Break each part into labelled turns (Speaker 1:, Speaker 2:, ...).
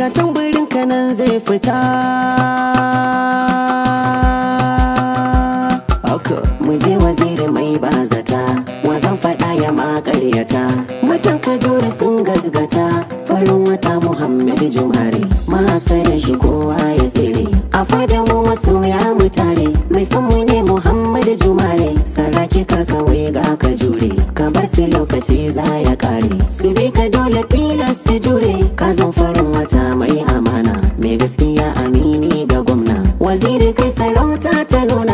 Speaker 1: ga tamburin nan zai fita Oko, muje waziri mai bazata wazan fada ya makaryata matan kajori sun gazgata farin wata muhammadu jumare masa da shi kowa ya tsere a fada mu wasu ya mutare mai san mu ne muhammadu jumare sarrake karkawai ga ka jure ka bar su lokaci za ya kare su bi ka dole tilas gaskiya amini ga gwamna waziri kai sarauta ta nuna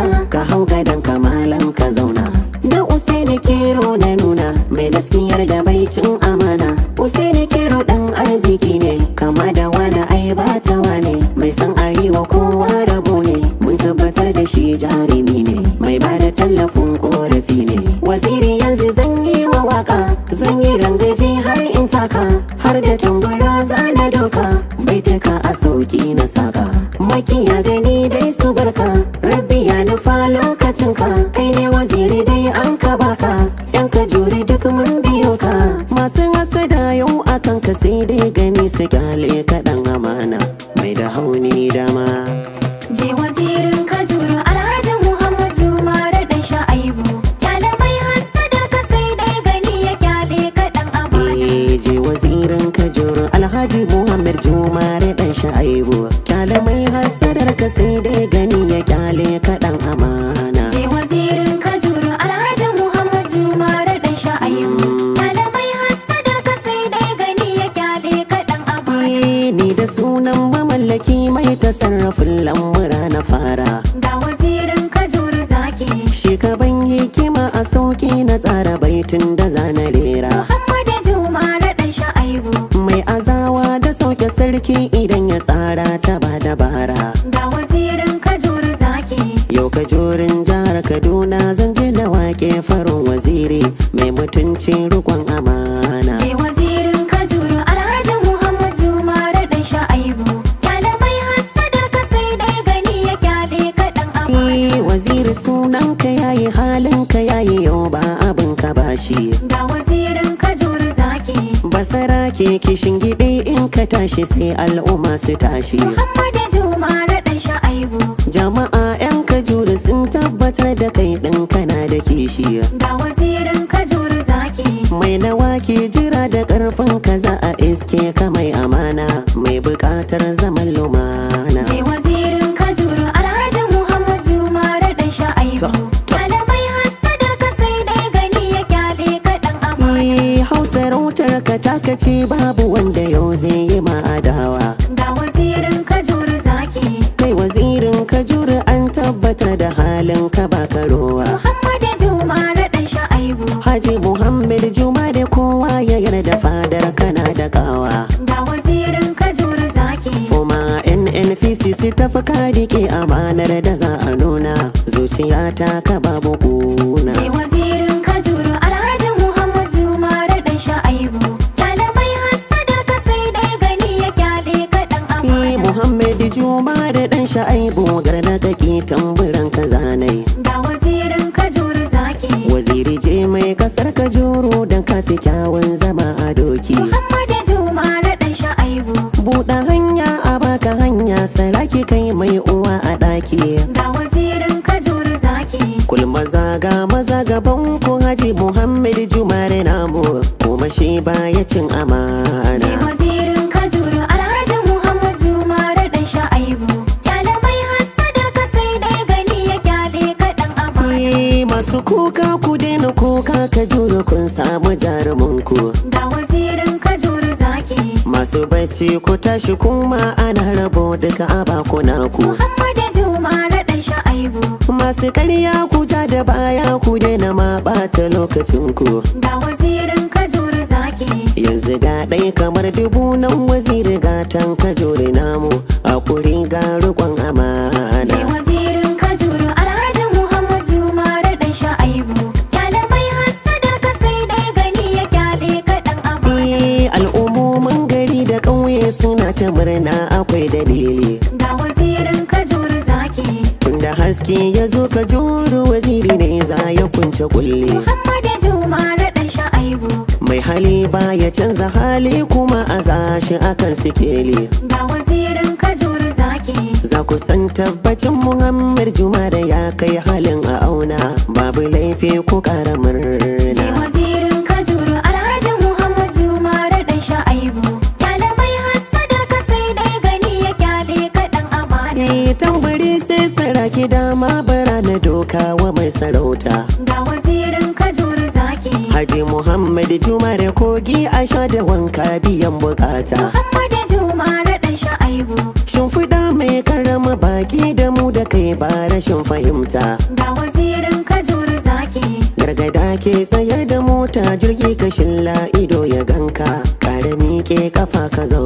Speaker 1: kajorin jihar kaduna zan je da wake farin waziri mai mutunci rukon amana je
Speaker 2: wazirin kajuru alhaji muhammad juma raɗin sha'aibu ɗalibai hassadar ka sai dai gani ya kyale kaɗan amana
Speaker 1: eh, waziri sunan ka yayi halin ka yayi yau ba abin ka bashi
Speaker 2: ga wazirin kajuru zaki
Speaker 1: basara ke kishin gidi in ka tashi sai al'umma su tashi
Speaker 2: muhammad juma
Speaker 1: kuka ka kun samu jarumanku
Speaker 2: Da wazirin ka zaki
Speaker 1: masu bacci ku tashi kuma ana rabo duka a bakuna ku muhammadu juma raɗan sha'aibu masu karya ku ja da baya ku daina ma ɓata lokacin ku Da
Speaker 2: wazirin ka zaki
Speaker 1: yanzu ga ɗai kamar dubu nan waziri gatan ka namu a kuri ga riƙon amana Ki ya zo ka juru waziri ne za ya kunce kulle
Speaker 2: Muhammadu Juma raɗan sha'aibu
Speaker 1: Mai hali ba ya canza hali kuma a zashi akan sikeli
Speaker 2: Ga wazirin ka juru zaki
Speaker 1: Za ku san tabbacin Muhammad Juma da ya kai halin a auna Babu laifi ko ƙarama? da ke tsayar da mota jirgi kashin la'ido ya ganka ƙarami ke kafa ka zaune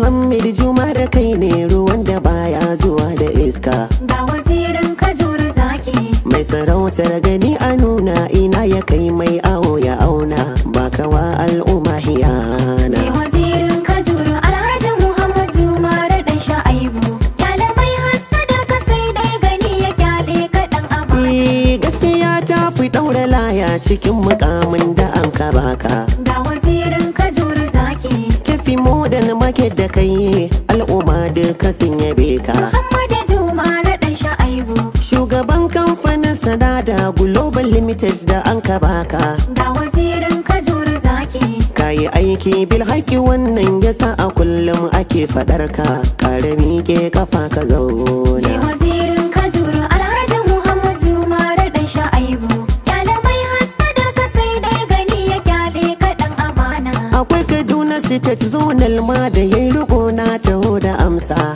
Speaker 1: Muhammad Juma da kai ne ruwan da baya zuwa da iska.
Speaker 2: Ba wazirin kajuru zaki.
Speaker 1: Mai sarautar gani a nuna ina ya kai mai awo ya duka sun yabe ka
Speaker 2: Muhammadu Juma raɗan sha'aibu
Speaker 1: Shugaban kamfanin Sanada Global Limited da an ka baka
Speaker 2: Ga wazirin kajuri zaki
Speaker 1: yi aiki bil haƙi wannan yasa a kullum ake faɗar ka Ƙara miƙe kafa ka zauna Je
Speaker 2: wazirin kajuri Alhaji Muhammad Juma raɗan sha'aibu Ɗalibai hassadar ka sai dai gani ya kyale kaɗan amana
Speaker 1: Akwai Kaduna State zonal ma da yayi riko na taho da amsa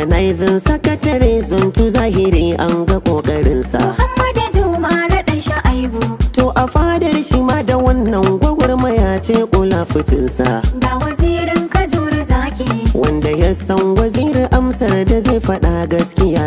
Speaker 1: organizing sakatare tu zahiri an ga kokarinsa
Speaker 2: Muhammadu Juma raɗan sha'aibu
Speaker 1: To a fadar shi ma da wannan gwagwarmaya ce kula fitinsa
Speaker 2: Ga wazirin kajuru zaki
Speaker 1: Wanda ya san wazirin amsar da zai faɗa gaskiya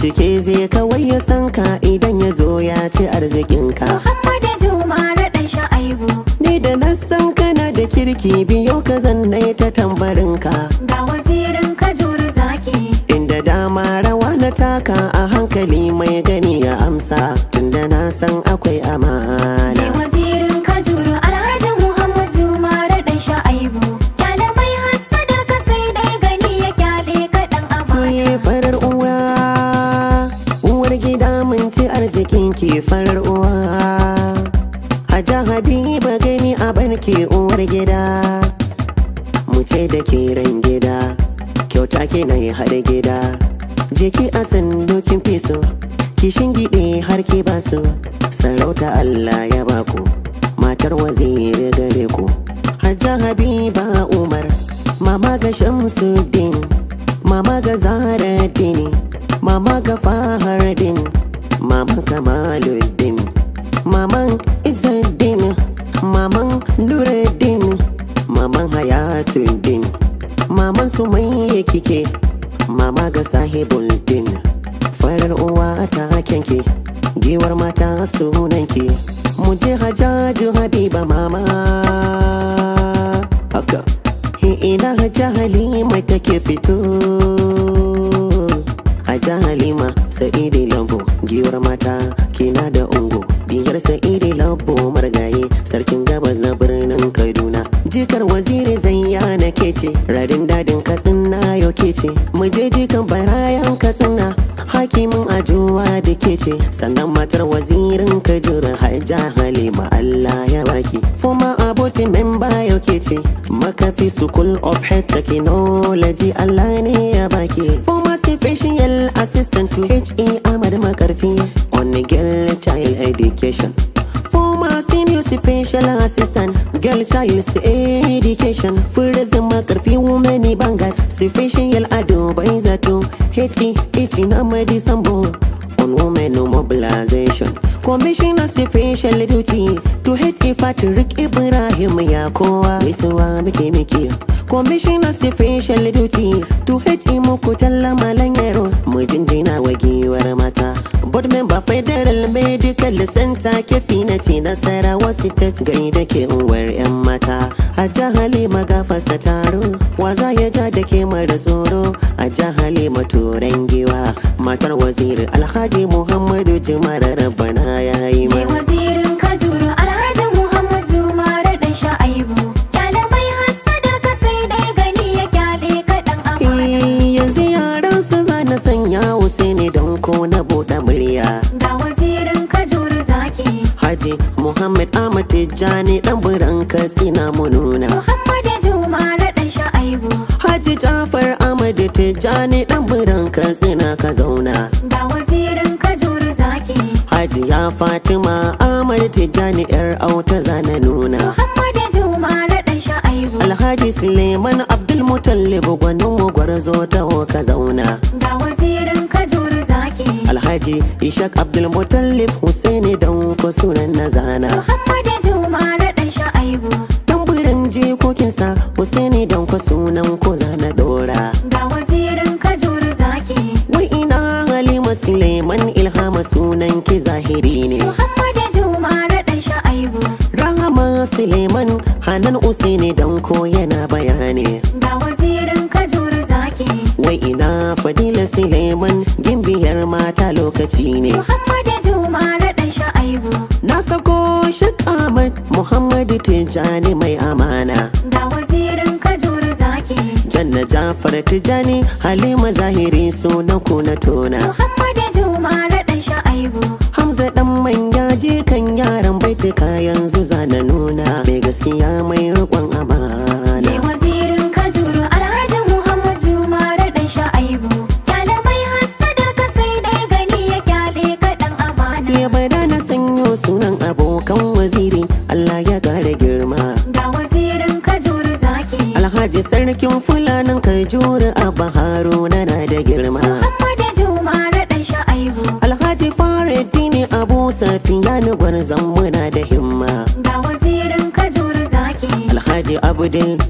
Speaker 1: Cike zai kawai ya san ka idan ya zo ya ci arzikinka
Speaker 2: Muhammadu Juma raɗan sha'aibu
Speaker 1: Ni da na san kana da kirki biyo ka zanne ta tambarinka
Speaker 2: Ga wazirin ka juri zaki
Speaker 1: Inda dama rawa na taka a hankali mai gani ya amsa Tunda na san akwai amana sarauta Allah ya baku matar waziri gare ku hajja habiba mu je hajaju Habiba mama haka ina haja halima take fito haja halima sa'idi lambo giwar mata kina da ungo diyar sa'idi lambo margaye sarkin gabas na birnin kaduna jikar waziri zanya na ke radin dadin katsina yau ke ce mu je jikan barayan katsina hakimin ajuwa da ke sannan matar wazirin kajura hajja halima Allah ya baki former abotin member yauke ce makafi school of head. technology Allah ne ya baki former special assistant to HE Ahmad Makarfi on girl child education former senior special assistant girl child education prison Makarfi women bangal special ado to zato e HE na mai disambo on women mobilization commissioner sai facial duty to hate rick ibrahim ya kowa wa muke muke commissioner sai facial duty to hit imu ko talla malan yaro mu jinjina wa mata board member federal medical center kefi na ce nasarawa state gai da ke uwar 'yan mata a jahali magafasa taro za ya ja da ke mara tsoro a jahali maturan giwa matar wazir alhaji muhammadu jimar rabana ya yi Alhaji Suleiman Abdul Mutallib gwanin gwar zo ta ka zauna.
Speaker 2: Da wazirin kajuri zaki.
Speaker 1: Alhaji Ishaq Abdul Mutallib Husaini dan sunan na zana.
Speaker 2: Muhammad Juma raɗan sha'aibu.
Speaker 1: Tamburan sa Husaini dan sunan ko zana dora.
Speaker 2: Da wazirin kajuri zaki.
Speaker 1: Wai ina Halima Suleiman Ilhama sunan ki zahiri ne.
Speaker 2: Muhammad Juma raɗan
Speaker 1: Rahama Suleiman Hanan Usaini dan koyana bayani.
Speaker 2: Ga wazirin Kajuru zaki.
Speaker 1: Wai ina Fadila Suleiman gimbiyar mata lokaci ne.
Speaker 2: Muhammadu Juma raɗan sha'aibu.
Speaker 1: Na sako Shek Ahmad Muhammadu tijani mai amana.
Speaker 2: Ga wazirin Kajuru zaki.
Speaker 1: Janna Jafar Tijani Halima Zahiri sunan ku na tona. Muhammadu Juma raɗan sha'aibu. manya je kan yaran tuka yanzu zana nuna mai gaskiya mai riƙon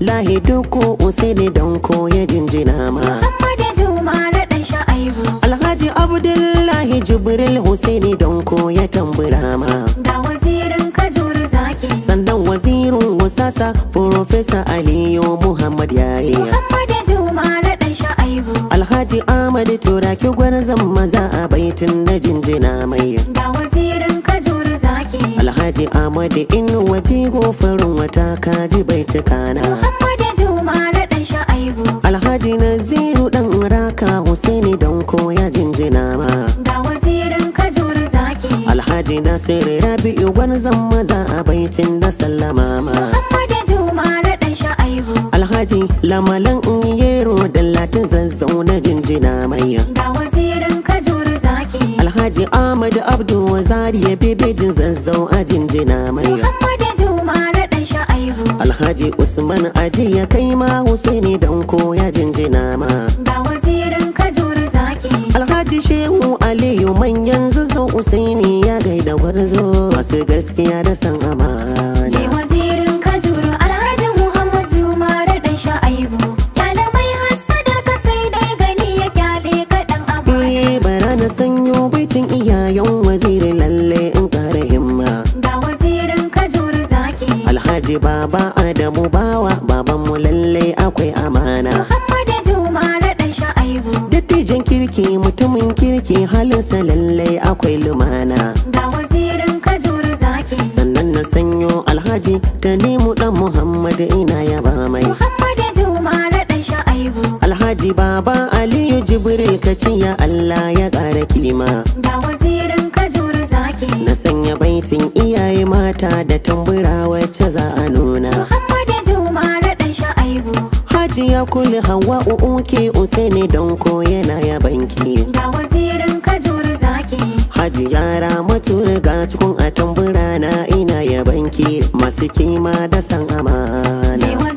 Speaker 1: lahi duku usini don koya jinjina ma muhammadu juma raɗin sha'aibu alhaji abdullahi jibril husaini don koya tambura ma
Speaker 2: ga wazirin kajur zaki
Speaker 1: sannan wazirin wasasa Furofesa aliyu muhammad yayi
Speaker 2: muhammadu juma raɗin sha'aibu
Speaker 1: alhaji ahmad turaki gwarzon maza a baitin na jinjina mai ga wazirin alhaji amadi inuwa jigo farin wata kaji bai tukana
Speaker 2: muhammadu juma raɗin sha'aibu
Speaker 1: alhaji naziru dan raka husaini don koya jinjina ma
Speaker 2: ga wazirin kajur zaki
Speaker 1: alhaji nasiru rabi'u zan maza a baitin da sallama ma muhammadu juma raɗin sha'aibu alhaji lamalan yero da latin zazzau na jinjina mai ga abdu zariya bebejin zazzau a jinjina mai
Speaker 2: muhammadu juma raɗan sha'aibu
Speaker 1: alhaji usman aji ya kai ma husaini dan koya jinjina ma ba wazirin kajur zaki alhaji shehu aliyu manyan zazzau usaini ya gaida gwarzo masu gaskiya da san halin halinsa lallai akwai lumana
Speaker 2: ga wazirin kajuri zaki
Speaker 1: sannan na sanyo alhaji tanimu dan muhammad ina kulli hawa uke usaini don ko yana ya banki
Speaker 2: ga wazirin kajur zaki
Speaker 1: haji yara matura ga cikin na ina ya banki masu kima da san